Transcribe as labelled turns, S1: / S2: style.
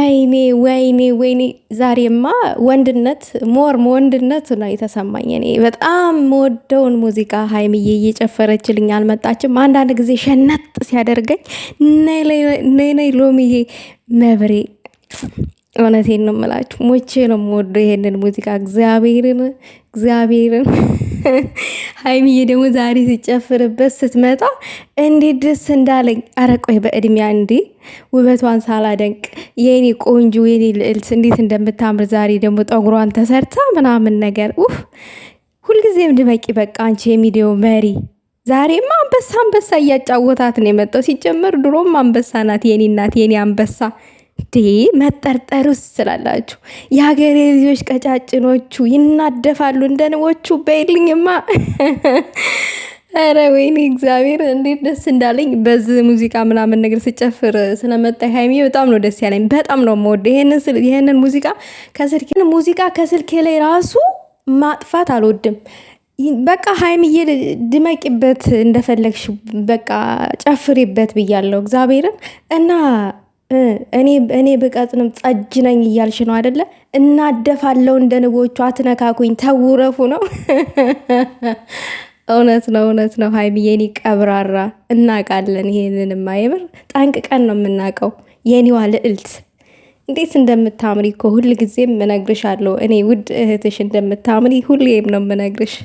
S1: ወይኔ ወይኔ ወይኔ ዛሬማ ወንድነት ሞር ወንድነት ነው የተሰማኝ። እኔ በጣም መወደውን ሙዚቃ ሀይምዬ እየጨፈረችልኝ አልመጣችም። አንዳንድ ጊዜ ሸነጥ ሲያደርገኝ ነይ ነይ ሎሚዬ መብሬ እውነቴን ነው የምላችሁ፣ ሞቼ ነው የምወደው ይሄንን ሙዚቃ እግዚአብሔርን እግዚአብሔርን። ሀይሚዬ ደግሞ ዛሬ ሲጨፍርበት ስትመጣ እንዴት ደስ እንዳለኝ። አረ ቆይ በእድሜያ እንዴ ውበቷን ሳላደንቅ የኔ ቆንጆ የኔ ልዕልት እንዴት እንደምታምር ዛሬ ደግሞ ጠጉሯን ተሰርታ ምናምን ነገር ውፍ ሁልጊዜም ድመቂ በቃ አንቺ የሚዲዮ መሪ ዛሬማ አንበሳ አንበሳ እያጫወታት ነው የመጣው። ሲጀመር ድሮም አንበሳ ናት የኔ እናት የኔ አንበሳ። ዴ መጠርጠር ውስጥ ስላላችሁ የሀገሬ ልጆች ቀጫጭኖቹ ይናደፋሉ እንደንቦቹ በይልኝማ። ኧረ ወይኔ እግዚአብሔር እንዴት ደስ እንዳለኝ በዚህ ሙዚቃ ምናምን ነገር ስጨፍር ስለመጣ ሀይሚ በጣም ነው ደስ ያለኝ። በጣም ነው የምወደው ይህንን ሙዚቃ ከስልኬ ሙዚቃ ከስልኬ ላይ ራሱ ማጥፋት አልወድም። በቃ ሀይሚዬ ድመቂበት እንደፈለግሽ በቃ ጨፍሪበት ብያለሁ እግዚአብሔርን እና እኔ ብቀጥንም ጸጅ ነኝ እያልሽ ነው አደለ? እናደፋለው እንደ ንቦቹ አትነካኩኝ፣ ተውረፉ ነው። እውነት ነው፣ እውነት ነው። ሀይሚ የኔ ቀብራራ እናቃለን። ይሄንንማ የምር ጠንቅቀን ነው የምናውቀው። የኔዋ ልዕልት እንዴት እንደምታምሪ እኮ ሁልጊዜም እነግርሻለሁ። እኔ ውድ እህትሽ እንደምታምሪ ሁሌም ነው የምነግርሽ።